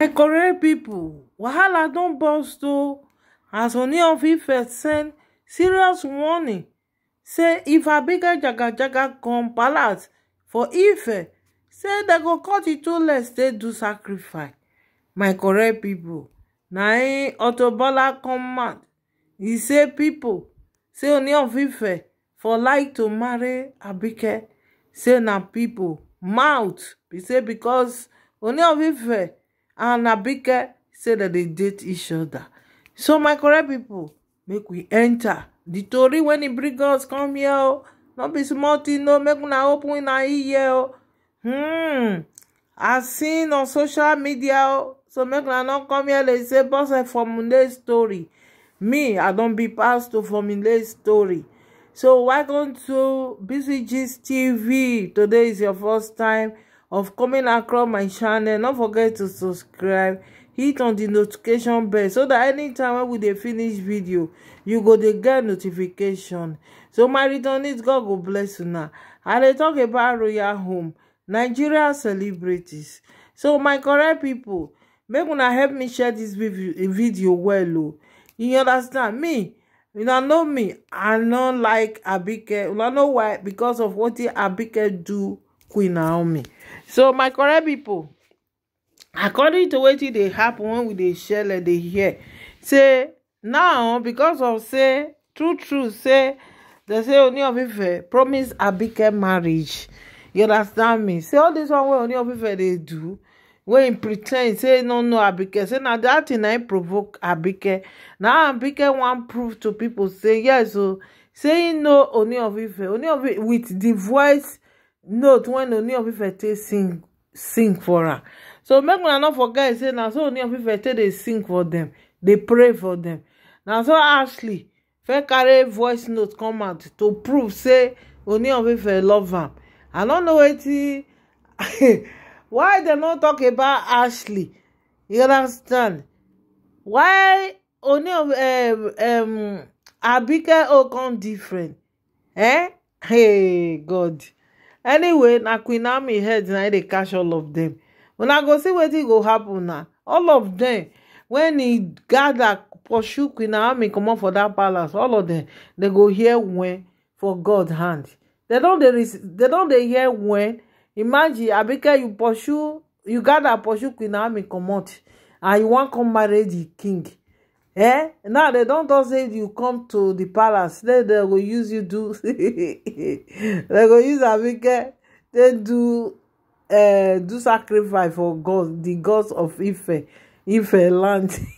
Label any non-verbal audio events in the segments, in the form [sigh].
my correct people, wahala don burst o as oni of ife send serious warning say if abiga jagajaga come palace for ife say dem go cut e two legs take do sacrifice my correct people, na im Auto Bola come out e say pipo say oni of ife for like to marry abike say na pipo mouth be say because oni of ife and abike say that they date each other so my correct people make we enter the tori when the bring us come here Oh, no be smart, you know. make una open una e here Oh, hmm I seen on social media o oh. so make we no come here They say boss i Monday's story me i don't be pass to Monday's story so welcome to bcgs tv today is your first time of coming across my channel don't forget to subscribe hit on the notification bell so dat anytime when we finish video you go dey get notification so my is god go bless una i dey talk about royal home nigeria celebrities so my correct people, make una help me share this video well o oh. you understand me You know me i no like abike una know why because of wetin abike do queen naomi so my correct people, according to wetin they happen when we share shele they hear say now because of say true true say they say only of ife promise abike marriage you understand me say all dis one wey oni of if they do wey he pretend say no no abike say now that tin na provoke abike now abike want proof to people say yes oh, saying no only of know only of ife with the voice note when oni of ife take sing sing for her. so make una no forget say now. so oni of ife take they sing for them. They pray for them. Now so ashley fair carry voice note come out to prove say oni of ife love am i don't know wetin [laughs] why they not talk about ashley you understand why only of um, um, abike come different eh hey god anyway na queen army head na dey catch all of dem una go see wetin go happen na all of them when e gather pursue queen army comot for that palace all of them dey go hear when for god hand dem don dey hear when imagine abike you pursue you gather pursue queen army comot and you wan come marry di king eh now they don't just say you come to the palace then they will use you do [laughs] they will use abike Then do uh, do sacrifice for god the gods of ife ife land [laughs]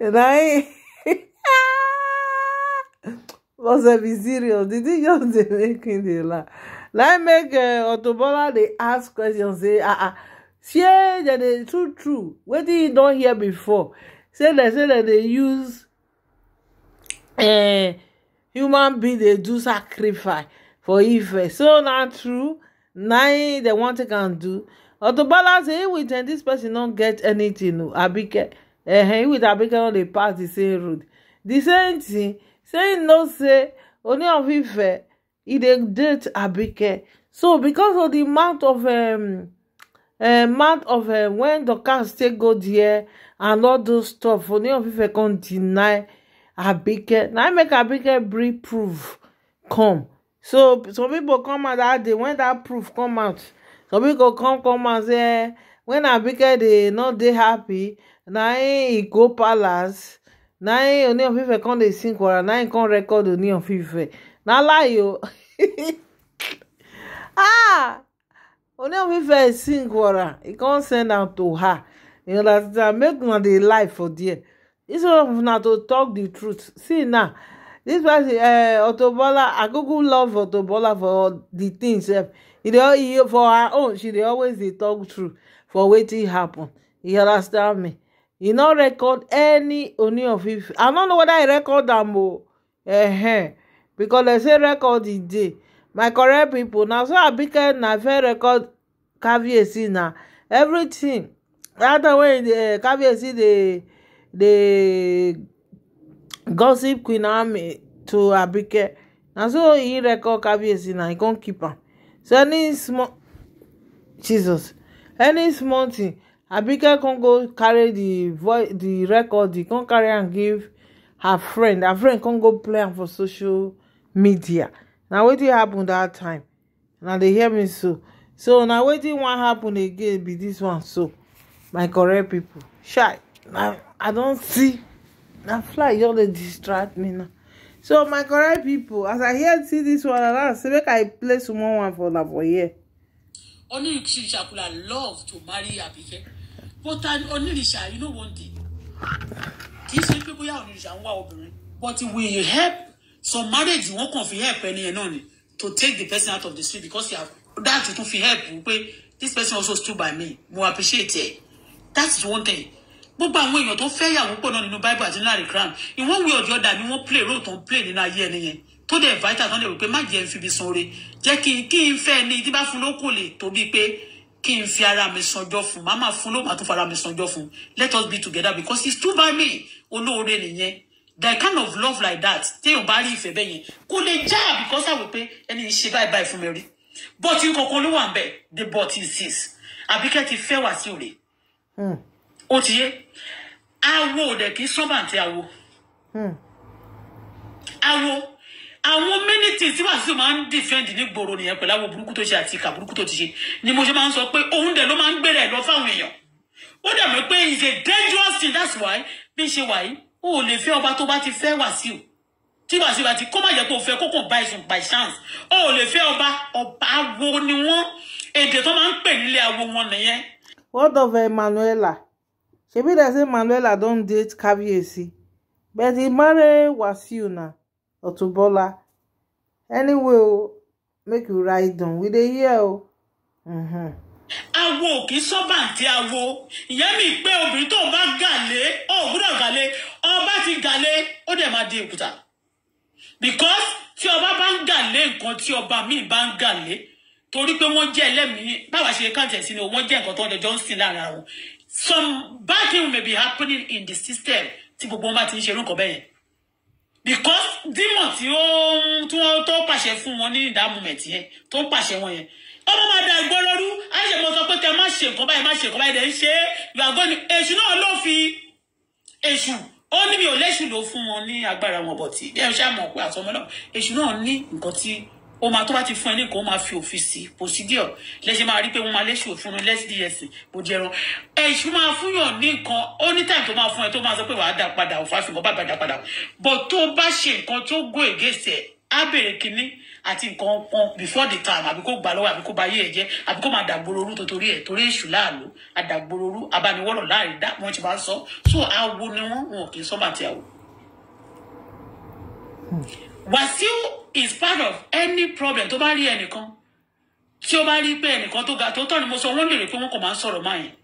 na [laughs] e must be serious di thing just dey make me dey laugh na im make eh, Auto Bola dey ask questions say ah ah shey dem dey true What did you don't hear before say dem say dem dey use uh, human being dey do sacrifice for ife so na true na im e, dem wan take am do auto say im wit um, dis person no get anything o abike uh, eh, im eh, wit abike no dey pass the same road the same thing say im know say Ooni of Ife e dey date abike so because of the amount of um, uh, eh, mouth of uh, when Dorcas take go there and all those stuff Ooni of Ife come deny Abike I make Abike bring proof come so some people come out that day when that proof come out some people come come out say eh when Abike they not they happy Now he go palace Now he only of Ife come dey sing for am na him record only of Ife Now lie you. [laughs] ah onyewife sing wara e come send am to her you understand make una dey lie for dear, dis one na to talk the truth see now This was uh, eh, otobola agogo love otobola for the things. sef eh, e dey for her own she always dey talk true for wetin happen you understand me e not record any only of if i don't know whether I record am o -huh. because dem say record the day. my correct people now so abike na fair record Kabiyesi na everything that time when uh, Kabiyesi dey dey gossip Queen Naomi to Abike na so he record Kabiyesi na he come keep am so any small Jesus any small thing Abike come go carry the voice the record he come carry am give her friend her friend come go play am for social media na wetin happen that time una dey hear me so so na wetin wan happen again be dis one so my correct pipo shy na i don see na fly just dey distract me now so my correct pipo as i hear see dis one i say make i play small one for na for here onirisa could have love to marry abike but onirisa you know one thing kì í ṣe pé bóyá onirisa ń wá obìnrin but we help some marriage wọn kàn fi help ẹni ẹ náà ni to take the person out of the street because they have that tún fi help pé this person also stood by me mo appreciate it. that is one thing gbogbo àwọn èèyàn tó fẹ́ yàwó pọ̀ náà nínú bible àti nínú àríkram ìwọ́n wí ọ̀dọ́ dà ní wọ́n play role tó ń play nínú ayé ẹni yẹn tó dẹ̀ vital tó ń lè rò pé má jẹ́ n fi ibi san ore jẹ́ kí n kí n fẹ́ ni tí bá fún lóko lè tóbi pé kí n fi ara mi sanjọ́ fún màmá fún ló màá tún fara mi sanjọ́ fún let us be together because it's too by me olóore nìyẹn that kind of love like that téèyàn bá rí ìfẹ́ bẹ́yẹn kò lè já because àwòpé ẹni ṣe báyìí báyìí fún mi rí bọ́ọ̀tì kankan ló wà ń bẹ̀ the but is this àbíkẹ́ ti fẹ́ wá sí òde hmm. ó ti yé awo òde kì í sọ́bà àti awo hmm. awo àwọn mínítì tí wàásù máa ń dìfẹ́ǹdì ní gbòòrò nìyẹn pẹ̀lú àwọn burúkú tó ṣe àti ìkà burúkú tó ti ṣe ni mo ṣe máa ń sọ pé òun dẹ̀ ló máa ń gbèrè ẹ̀ lọ fáwọn èèyàn ó dẹ̀ mọ̀ pé is a dangerous thing that's why bí ṣe wà yìí o ò lè fẹ́ ọba tó bá ti fẹ́ wàásù tí wàásù àti kó má yẹ kó fẹ́ kókò by some by chance ó ò lè fẹ́ ọba ọba awo ni wọ́n èdè tó máa ń pè nílé awo wọn nìyẹn. what of Emmanuela shebi dem say Emmanuela don date Kabiyesi but e marry Wasiu na Otubola anyway o make you write down we dey hear o. mm awo kì í sọ́bà awo ìyẹn mi pé obìnrin tó bá gàlé ò gbọ́dọ̀ gàlé ọba ti gàlé ó dẹ̀ máa di èkúta because tí ọba bá ń gàlé nǹkan tí ọba míì bá ń gàlé torí pé wọ́n jẹ́ ẹlẹ́mìí báwa ṣe káǹtì ẹ̀sìn ni wọ́n jẹ́ nǹkan tó ń dẹjọ́ ń sìn lára wọn some bad thing may be happening in the system tí gbogbo wọn bá ti ń ṣerú nǹkan bẹ́yẹn because dímọ̀ tí ó ń tí wọ́n tó pàṣẹ fún wọn ní ìdámúmẹ̀tì yẹn tó ń pàṣẹ wọn yẹn ọmọ máa da ìgbọ́ lọ́rú àṣẹ mo sọ pé tẹ má ṣe nǹkan báyìí má ṣe nǹkan báyìí dẹ̀ ń ṣe é you are going èṣù náà ló fi èṣù ó ní mi ò léṣù ló fún wọn ní agbára wọn bọ̀ tí bí ẹ ṣe mọ̀ pé àtọmọ náà èṣù náà ní nǹkan tí ó máa tó bá ti fún ẹ ní nǹkan ó máa fi òfin sí procedure lẹ́sẹ̀ máa rí pé wọ́n máa léṣù òfin lẹ́sìdíyẹsì bó jẹ ẹran èṣù máa fún yàn ní nǹkan ó ní táìmù tó máa fún ẹ tó máa sọ pé wàá dá padà òfàfin bọ́ bá padà padà bọ̀ tó bá ṣe nǹkan tó go against á kínní àti nǹkan kan before the time àbí kó gbà lọ́wọ́ àbí kó ba ayé ẹ̀ jẹ́ àbí kó máa dàgbòrò orú ẹ̀ torí èṣù láàlú àdàgbòrò orú láàrin dá wọ́n ti máa ń sọ so awo ni wọ́n wọn kì í sọ́mà tí a wò. Wàsíù is part of any problem tó bá rí ẹnìkan tí ó bá rí pé ẹnìkan tó ga tó tọ́ ni mo sọ wọ́n lè rí pé wọ́n kàn máa ń sọ̀rọ̀ máa yẹn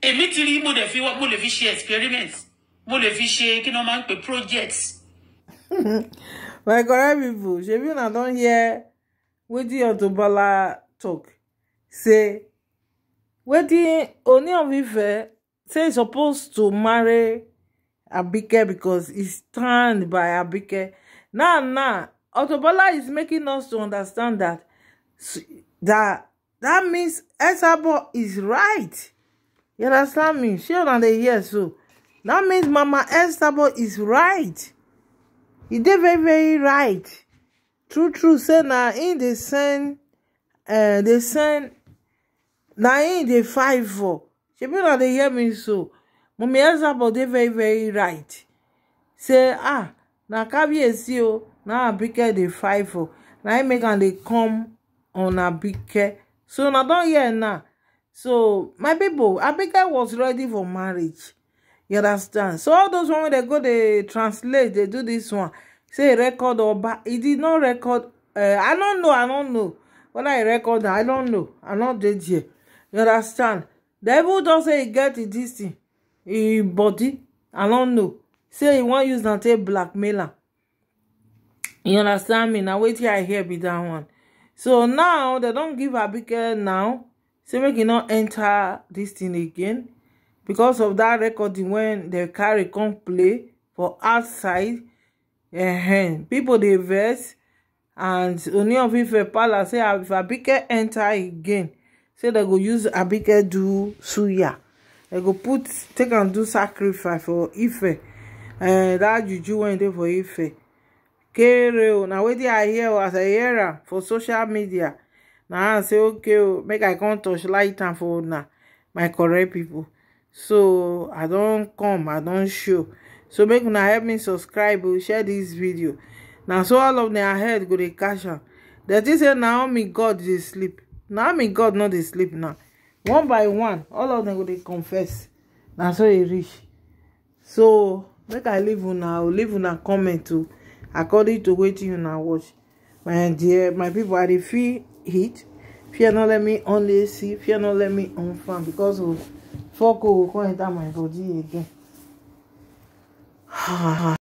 èmi ti rí mo lè fi mo lè fi ṣe experiment mo lè fi ṣe kí ni wọ́n máa ń pè projects. [laughs] my correct pipo shebi una don hear wetin auto bola tok say wetin oni of ife say supposed to marry abike because e stand by abike now now auto is making us to understand that that that means esabo is right you understand me shey una hear so that means mama esabo is right e dey very very right true true say na im dey send uh, dey send na im dey fight for shebi una dey hear me so mummy elzabod dey very very right say ah na kabiyesi o na abike dey fight for na im make am dey come on abike so una don hear now so my people, abike was ready for marriage you understand so all those one they go they translate they do this one say record oba e did not record eh, i don't know i don't know whether I record i don't know i not dey there you understand devil don say he get this thing He body i don't know say he wan use am take blackmail you understand me Now wait here. i hear be that one so now they don't give Abigail now say make you not enter this thing again because of that recording when dem carry come play for outside -huh. pipo dey vex and only of a palace say ah, if abike enter again say they go use abike do suya they go put take and do sacrifice for ife eh, That juju went there for ife kere now na wetin i hear o as i hear for social media now i say okay make i come light and for now, my correct people so i don come i don show so make una help me subscribe o oh, share this video na so all of their head go dey catch am dem think say na god dey sleep na only god no dey sleep now one by one all of them go dey confess na so e reach so make i leave una o oh, leave una comment too. Oh, according to wetin una watch my dear my people i dey feel heat fear no let me only see fear no let me on farm because of Fuck oh, go enter my body